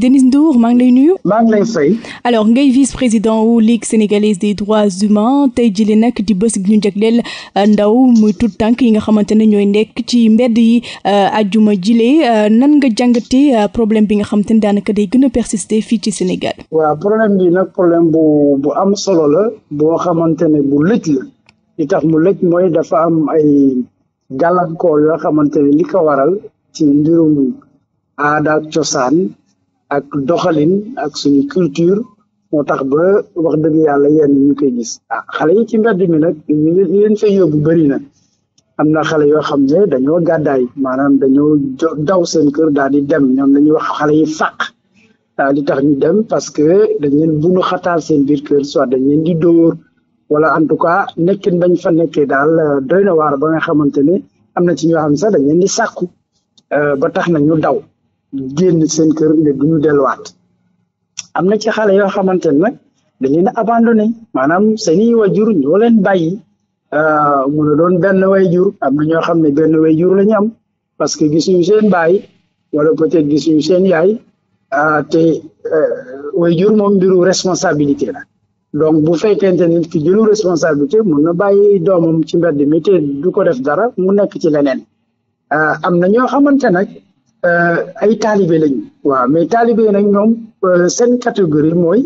Denis Ndour maa ngi lay nuyu. maa ngi lay fay. alors ngay vice-président wu Ligue sénégalaise des droits humains tey jii nag di bés gi ñu jagleel euh, ndaw muy tout tànk yi nga xamante ne ñooy nekk ci mbedd yi ajjuma euh, jile euh, nan nga jàngate problème bi nga xamante ne daanaka day gën a persister fii ci Sénégal. waaw problème bi nag problème bu am solo la boo xamante ne bu lëj la li mu lëj mooy dafa am ay gàllankoor yoo xamante ne li ko waral ci mbirum aada cosaan. ak doxalin ak suñu culture moo tax ba wax dëgg yàlla yenn ñu koy gis ah xale yi ci mbedd mi nag ñu leen fay yóbbu bëri na am na xale yoo xam ne dañoo gàddaay maanaam dañoo daw seen kër daal di dem ñoom la wax xale yi fàq daal di tax ñu dem parce que dañ leen bunu xataal seen biir kër soit dañ leen di dóor wala en tout cas nekkin bañ fa nekkee daal euh, doy na waar ba nga xamante ne am na ci ñoo xam ne sax dañ leen di sàkku euh, ba tax na ñu daw ñu génn seen kër ne du ñu delluwaat am na ci xale yoo xamante ne nag dañ leen abandonné maanaam seeni wajur ñoo leen bàyyi ah, mu ne doon benn wayjur am na ñoo xam ne benn wayjur la ñu am parce que gisuñu seen baay wala peut-être gisuñu seen yaay ah, te eh, wayjur moom mbiru responsabilité la donc bu fekkente nit ki jëlu responsabilité mun na bàyyi doomam ci mbedd mi te du ko def dara mu nekk ci leneen ah, am na ñoo xamante nag. Euh, ay taalibe lañu waaw mais taalibe yi nag ñoom euh, seen catégorie mooy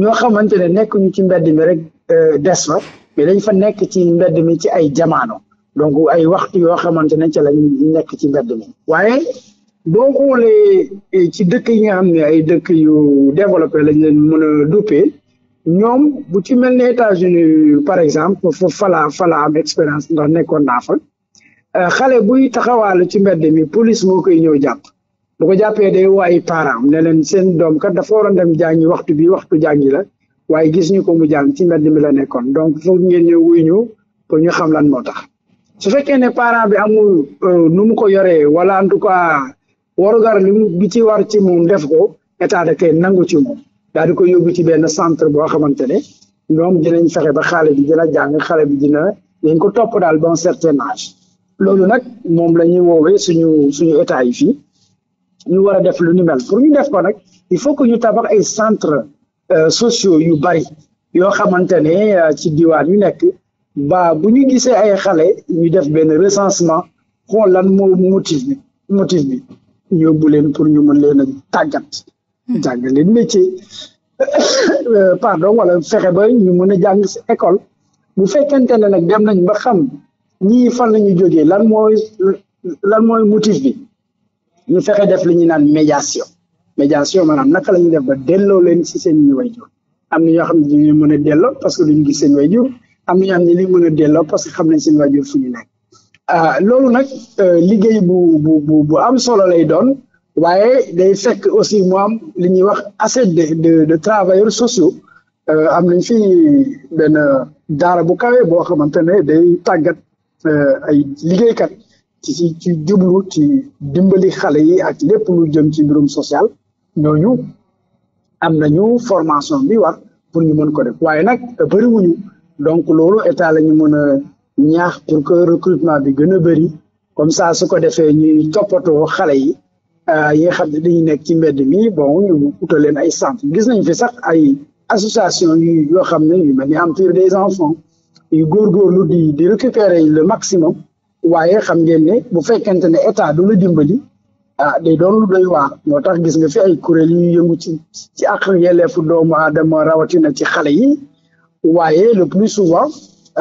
ñoo xamante ne nekkuñu ci mbedd mi rek euh, des fa mais lañ fa nekk ci mbedd mi ci ay jamaano donc ay waxtu yoo xamante ne ci lañ nekk ci mbedd mi waaye boo xoolee ci dëkk yi nga xam ne ay dëkk yu développé lañ leen mën a duppee ñoom bu ci mel ne États-Unis par exemple fa fala fala am expérience ndax nekkoon naa Euh, xale buy taxawaalu ci mbedd mi police moo koy ñëw jàpp bu ko jàppee day waayi parent ne leen seen doom kat dafa waroon dem jàngi waxtu bi waxtu jàngi la waaye gis ñu ko mu jàng ci mbedd mi la nekkoon donc foog ngeen ñëw wuy ñëw pour ñu xam lan moo tax su fekkee ne parent bi amul euh, nu mu ko yoree wala en tout cas warugar li mu bi ci war ci moom def ko état da koy nangu ci moom daal di ko yóbbu ci benn centre boo xamante ne ñoom dinañ fexe ba xaale bi dina jàng xale bi dina dañ ko topp daal ba un loolu nag moom la ñuy woowee suñu suñu état yi fii ñu war a def lu ni mel pour ñu def ko nag il faut que ñu tabax ay centres euh, sociaux yu bari yoo xamante ne euh, ci diwaan yu nekk ba bu ñu gisee ay xale ñu def benn recensement xool lan moo motif bi motif bi ñu leen pour ñu mën leen a tàggat. Hmm. jàngal leen métier euh, pardon wala fexe ba ñu mën a jàng si école bu fekkente ne nag dem nañ ba xam. ñii fan la ñu jógee lan mooy lan mooy motif bi ñu fexe def li ñuy naan médiation médiation maanaam naka la ñuy def ba delloo leen si seen ñu wayjur am na ñoo xam ne ñu mën a delloo parce que duñu gis seen wayjur am na ñoo xam ne ñu mën a delloo parce que xam nañ seen wayjur fu ñu nekk ah, loolu nag euh, liggéey bu bu bu bu am solo lay doon waaye day fekk aussi moo am li ñuy wax assez de de de travailleurs sociaux euh, am nañ fi benn daara bu kawe boo xamante ne day tàggat. Euh, ay liggéeykat ci ci jublu ci dimbali xale yi ak lépp lu jëm ci mbirum social ñooñu am nañu formation bi war pour ñu mën ko def waaye nag bëriwuñu donc loolu état la mën a ñaax pour que recrutement bi gën a bëri comme ça su ko defee ñuy toppatoo xale yi euh, yi nga xam ne dañuy nekk ci mbedd mi bon ñu utal leen ay sant gis nañ fi sax ay association yu yoo xam ne yu mel ni empire des enfants yu góorgóorlu di di récupérer le maximum waaye xam ngeen ne bu fekkente ne état du la dimbali ah day doon lu doy waar moo tax gis nga fi ay kuréel yu yëngu ci ci ak yelleefu doomu aadama rawatina ci xale yi waaye le plus souvent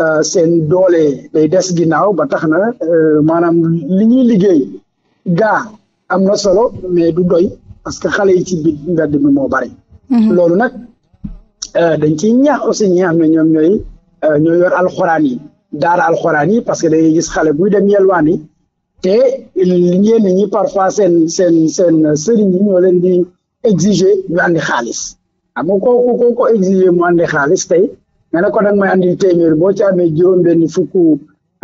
euh, seen doole day des ginnaaw ba tax na euh, maanaam li ñuy liggéey gaa am na solo mais du doy parce que xale yi ci nga mbedd mi moo bari. Mhm. loolu nag euh, dañ ciy ñaax aussi ñi xam ñoom ñooy. Euh, ñoo yor alxuraan yi daara alxuraan yi parce que dañuy gis xale buy dem yelwaan yi te ñenn ñi parfois seen seen sen sëriñ yi ñoo leen di exiger ñu andi xaalis xam ko kooku kooku ko exiger mu andi xaalis tey nga ne ko nag may andi téeméer boo ci amee juróom-benn fukk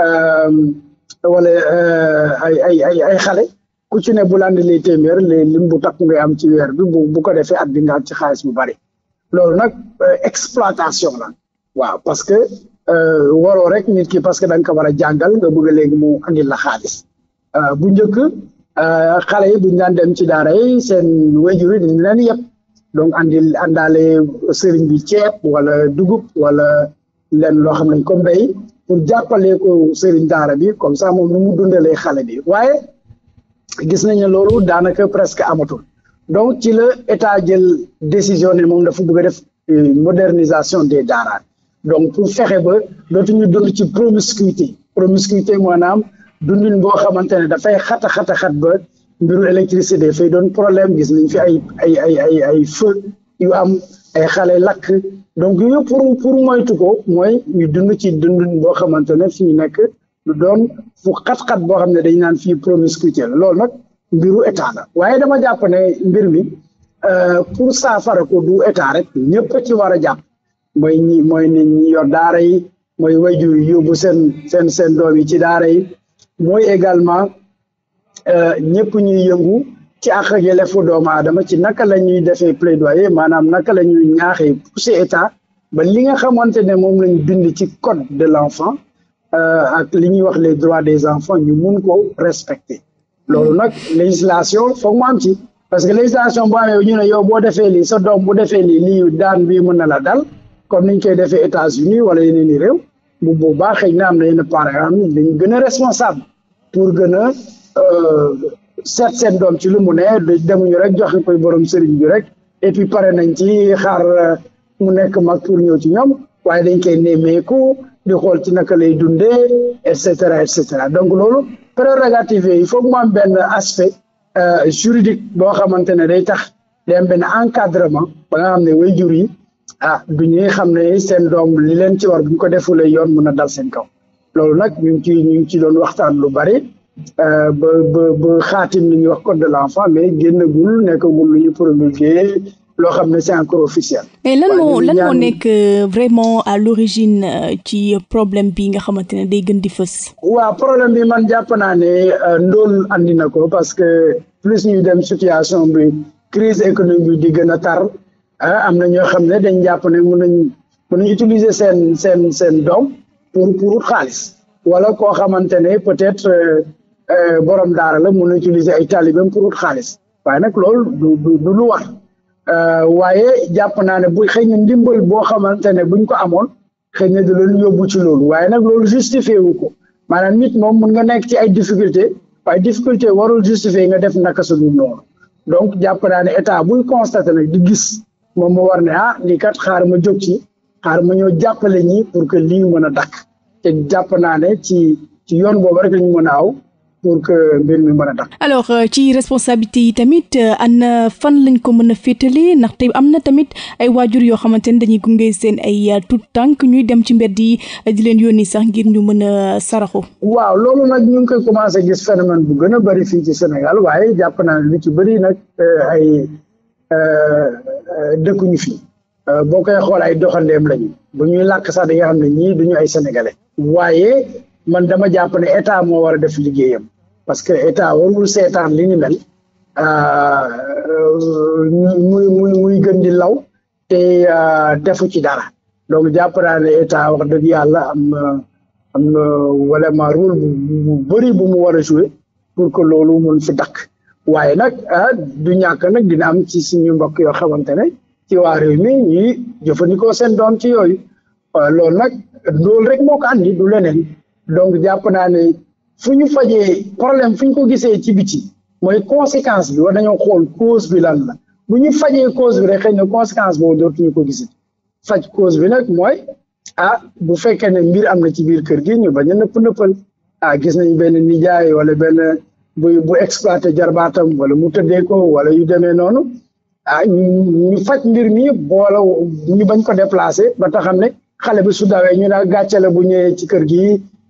euh, wala euh, ay ay ay ay xale ku ci ne bu la andilee téeméer lim bu takku ngay am ci weer bi bu bu ko defee at bi nga am ci xaalis bu bari loolu nag exploitation la. waaw parce que euh, waroo rek nit ki parce que da nga ko war a jàngal nga bëgg léegi mu andil la xaalis euh, bu njëkk euh, xale yi buñ daan dem ci daara yi seen wéjur yi dañ leen yëpp donc andil àndaale sëriñ bi ceeb wala dugub wala leen loo xam ne ko mbéy pour jàppale ko sëriñ daara bi comme ça moom nu mu dundalee xale bi waaye gis nañ ne loolu daanaka presque amatul donc ci la état jël décision ne moom dafa bëgg a def modernisation des daara donc pour fexe ba dootuñu dund ci promiscuité promiscuité maanaam dundin boo xamante ne dafay xata xata xat ba mbiru électricité dafay doon problème gis nañ fi ay ay ay ay ay yu am ay xale lakk donc yooyu pour pour moytu ko mooy ñu dund ci dundin boo xamante ne fi ñu nekk lu doon fu xat-xat boo xam ne dañ naan fii promiscuité la loolu nag mbiru état la waaye dama jàpp ne mbir mi euh, pour saafara ko du état rek ñëpp ci war a jàpp mooy ñi mooy nit ñi yor daara yi mooy wajur yóbbu seen seen seen doom yi ci daara yi mooy également euh, ñëpp ñuy yëngu ci àq ak fu doomu aadama ci naka la ñuy defee plaidoyer maanaam naka la ñuy ñaaxee pousser état ba li nga xamante ne moom lañ bind ci code de l'enfant euh, ak li ñuy wax les droits des enfants ñu mun ko respecter loolu nag législation foog mu ci parce que législation boo amee ne yow boo defee lii sa doom bu defee lii lii daan bii mën na la dal comme niñ koy defee États-Unis wala yeneen i réew bu boobaa xëy na am na yenn pare yoo xam dañu gën a responsable pour gën a euh, seet seen doom ci lu mu ne demuñu rek joxe koy borom sëriñ bi rek et puis pare nañ ci xaar euh, mu nekk mag pour ñëw ci ñoom waaye dañ koy nemmeeku di xool ci naka lay dunde et cetera et cetera donc loolu prérogative yi il faut mu am benn aspect euh, juridique boo xamante ne day tax day am benn encadrement ba nga xam ne way yi ah du ñuy xam ne seen doom li leen ci war bu ko defulee yoon mun a dal seen kaw loolu nag ñu ngi ci ñu ngi ci doon waxtaan lu bari euh, ba ba ba xaatim li ñuy wax code de l' enfant mais génnagul nekkagul lu ñu promulgué loo xam ne c'est encore officiel. mais lan moo lan moo nekk euh, euh, ci problème bi nga xamante ne day gën di fës. waa problème bi man jàpp naa ne ndóol andi na ko parce que plus ñuy dem situation bi crise économique bi di gën a tar. ah am na ñoo xam ne dañ jàpp ne mun nañ mun utiliser seen seen seen doom pour pour xaalis wala koo xamante ne peut-être euh, euh, borom daara la mun na utiliser ay taalibam pour xaalis waaye nag lool du du lu war euh, waaye jàpp naa ne bu xëy na ndimbal boo xamante ne buñ ko amoon xëy na du leen yóbbu ci loolu waaye nag loolu justifié wu ko maanaam nit moom mun nga nekk ci ay difficulté waaye difficulté warul justifié nga def naka su dul noonu donc jàpp naa ne état buy constaté nag di gis. moom mu war ne ah lii kat xaar ma jóg ci xaar ma ñëw jàppale ñi pour que lii mën a dakk te jàpp naa ne ci ci yoon boobu rek la ñu mën a aw pour que mbir mi mën a dakk. alors euh, ci responsabilité yi tamit euh, ana fan lañ ko mën a féetale ndaxte am na tamit ay waajur yoo xamante ne dañuy gunge seen ay euh, tout tànk ñuy dem ci mbedd yi di leen yónni sax ngir ñu mën a saraxu. waaw loolu nag ñu ngi koy commencé gis phénomène bu gën a bëri fii ci Sénégal waaye jàpp naa ne lu ci bëri nag ay. Euh, euh, dëkkuñu fi euh, boo koy xool ay doxandeem lañu bu ñuy làkk sax da nga xam ne ñii duñu ay sénégalais waaye man dama jàpp ne état moo war a def liggéeyam parce que état warul seetaan li ñu mel muy muy muy gën di law te defu ci dara donc jàpp état wax dëgg yàlla am na am na bu bëri bu mu war a jouer pour que loolu mun fi dakk waaye nag ah du ñàkk nag dina am ci suñu mbokk yoo xamante ne ci waa réew mi ñuy jëfandikoo seen doom ci yooyu ah, loolu nag loolu rek moo ko andi du leneen donc jàpp naa ne fu ñu fajee problème fu ñu ko gisee ci biti mooy conséquence bi war dañoo xool cause bi lan la bu ñu fajee cause bi rek xëy na conséquence boobu dootuñu ko gisee faj cause bi nag mooy ah bu fekkee ne mbir am na ci biir kër gi ñu bañ a nëpp nëppal ah gis nañu benn nijaay wala benn. bu bu exploité jarbaatam wala mu tëddee ko wala yu demee noonu ah ñu faj ngir mi boola ñu bañ ko déplacé ba tax xam ne xale bi su dawee ñu naa gàcce la bu ñëwee ci kër gi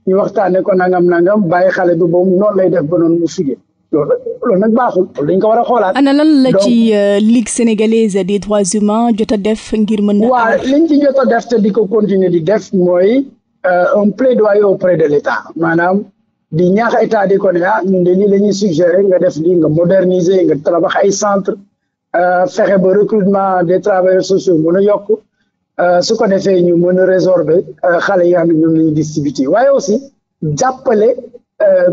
ñu waxtaanee ko nangam nangam bàyyi xale bi boobu noonu lay def ba noonu mu figee loolu loolu nag baaxul dañ ko war a xoolaat. ana lan la ci euh, Ligue sénégalaise des droits humains jot a def ngir mën na. waaw liñ ci jot a def te di ko continuer di def mooy euh, un plaidoyer auprès de l'État maanaam. di ñaax état di ko ne ah ñun de lii la ñuy suggéré nga def lii nga moderniser nga tabax ay centre euh, fexe ba recrutement des travailleurs sociaux mën a yokk euh, su ko defee ñu mën a résorber euh, xale yi nga xam ne ñoom la ñuy distribué waaye aussi jàppale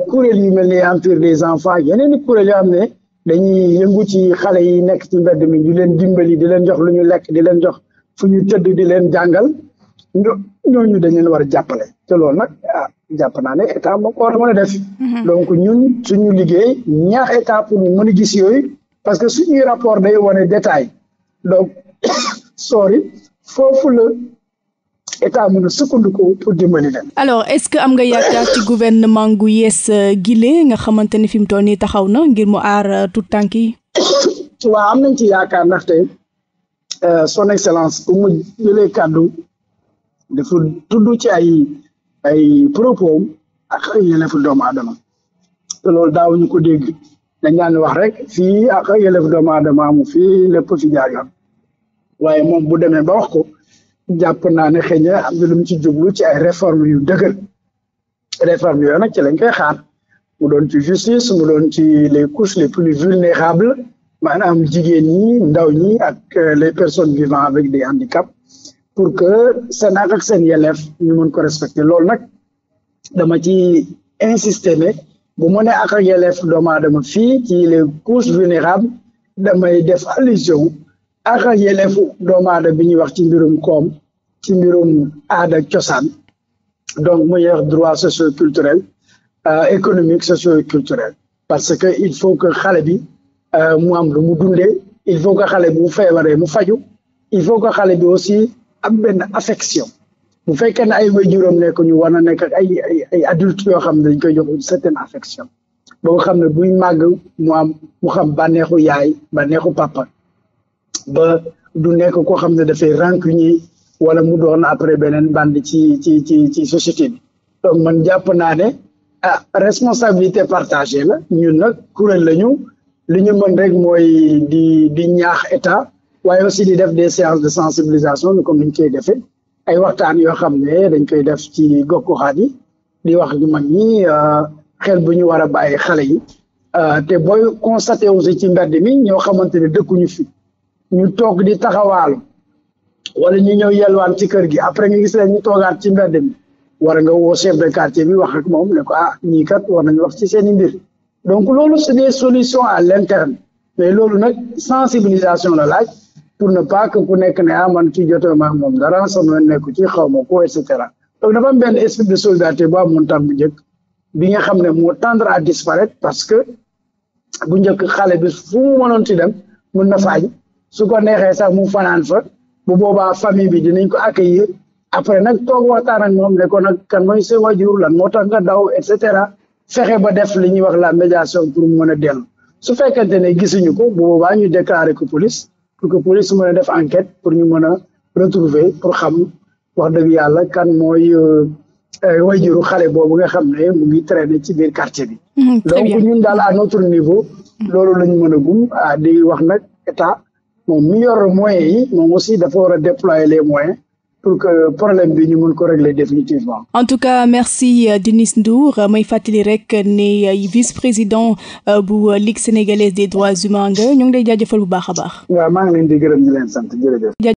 kuréel yu mel ni empire des enfants yeneen i kuréel yoo xam ne dañuy yëngu ci xale yi nekk ci mbedd mi di leen dimbali di leen jox lu ñu lekk di leen jox fu ñu tëdd di leen jàngal ñooñu dañ leen war a jàppale te loolu nag ah jàpp naa ne état moo ko war a mën a def. Mm-hmm. donc ñun suñu liggéey ñaax état pour mu mën a gis yooyu parce que suñuy rapport day wane détail donc sorry foofu la. état mën a sukkandiku pour dimbali leen. alors est-ce que am nga yaakaar ci gouvernement gu yees euh, gile nga xamante ni fi mu toll nii taxaw na ngir mu aar euh, tout tànk yi. waa am nañ ci yaakaar ndaxte euh, son excellence bu mu jëlee kàddu dafa tudd ci ay ay propos ak yëlefu doomu aadama te loolu daawuñu ko dégg dañ daan wax rek fii ak yëlefu doomu aadama amu fii lépp fi jaar yoon waaye moom bu demee ba wax ko jàpp naa ne xëy na am na ci jublu ci ay réforme yu dëgër réforme yooyu na ci lañ koy xaar mu doon ci justice mu doon ci les couches les plus vulnérables maanaam jigéen ñi ndaw ñi ak euh, les personnes vivant avec des handicaps pour que seen ak ak seen yelleef ñu mën ko respecter loolu nag dama ci insister bu mu ne ak ak yelleef doomu fii ci les couches vulnérables damay def allusion ak ak yelleefu doomu aadama bi ñuy wax ci mbirum koom ci mbirum aada cosaan donc muy wax droit socio culturel euh, économique socio culturel parce que il faut que xale bi euh, mu am lu mu dundee il faut que xale bi mu feebaree mu faju il faut que xale bi aussi am benn affection bu fekkee ne ay waajuram nekk ñu war na nekk ak ay ay adulte yoo xam ne dañ koy jox une certaine affection boo xam ne buy màgg mu am mu xam bànneexu yaay bànneexu papa ba du nekk koo xam ne dafay ñi wala mu doon après beneen band ci ci ci ci société bi donc man jàpp naa ne ah responsabilité partagée la ñun nag kuréel la ñu li ñu rek mooy di di ñaax état waaye si di def des séances de sensibilisation comme ni ñu koy defee ay waxtaan yoo xam ne dañ koy def ci gox-goxaat yi di wax ñu mag ñi euh, xel bu ñu war a bàyyi xale yi euh, te booy constaté aussi ci mbedd mi ñoo xamante ne dëkkuñu fi ñu toog di taxawaalu wala ñu ñëw yelwaan ci kër gi après nga gis leen ñu toogaat ci mbedd mi war nga woo chef de quartier bi wax ak moom ne ko ah ñii kat war nañu wax ci seen i mbir donc loolu c'est des solutions à l'interne mais loolu nag sensibilisation la laaj. pour ne pas que ku nekk ne ah man kii jotee maa moom dara sama nekku ci xaw ma ko et cetera donc dafa am benn esprit de solidarité boo amoon tam bu njëkk bi nga xam ne moo tendre à disparaître parce que bu njëkk xale bi fu mu mënoon ci dem mun na faaj su ko neexee sax mu fanaan fa bu boobaa famille bi di dinañ ko accueillir après nag toog waxtaan ak moom ne ko nag kan mooy sa wajur lan moo tax nga daw et cetera fexe ba def li ñuy wax la médiation pour mu mën a dellu su fekkente ne gisuñu ko bu boobaa ñu déclaré ko police pour que police mën def enquête pour ñu mën a retrouver pour xam wax dëgg yàlla kan mooy euh, wayjuru xale boobu nga xam ne mu ngi traîner ci biir quartier bi mhm, donc ñun daal à notre niveau mhm. loolu lañu mën a gum ah, di wax nag état moom mi yor moyens yi moom aussi dafa war a déployer les moyens pour que problème bi ñu mun ko régler définitivement. en tout cas merci euh, Denis Ndour euh, may fàttali rek ne euh, vice-président bu Ligue sénégalaise des droits humains nga ñu ngi lay jaajëfal bu baax a baax. waaw maa ngi leen di gërëm ñu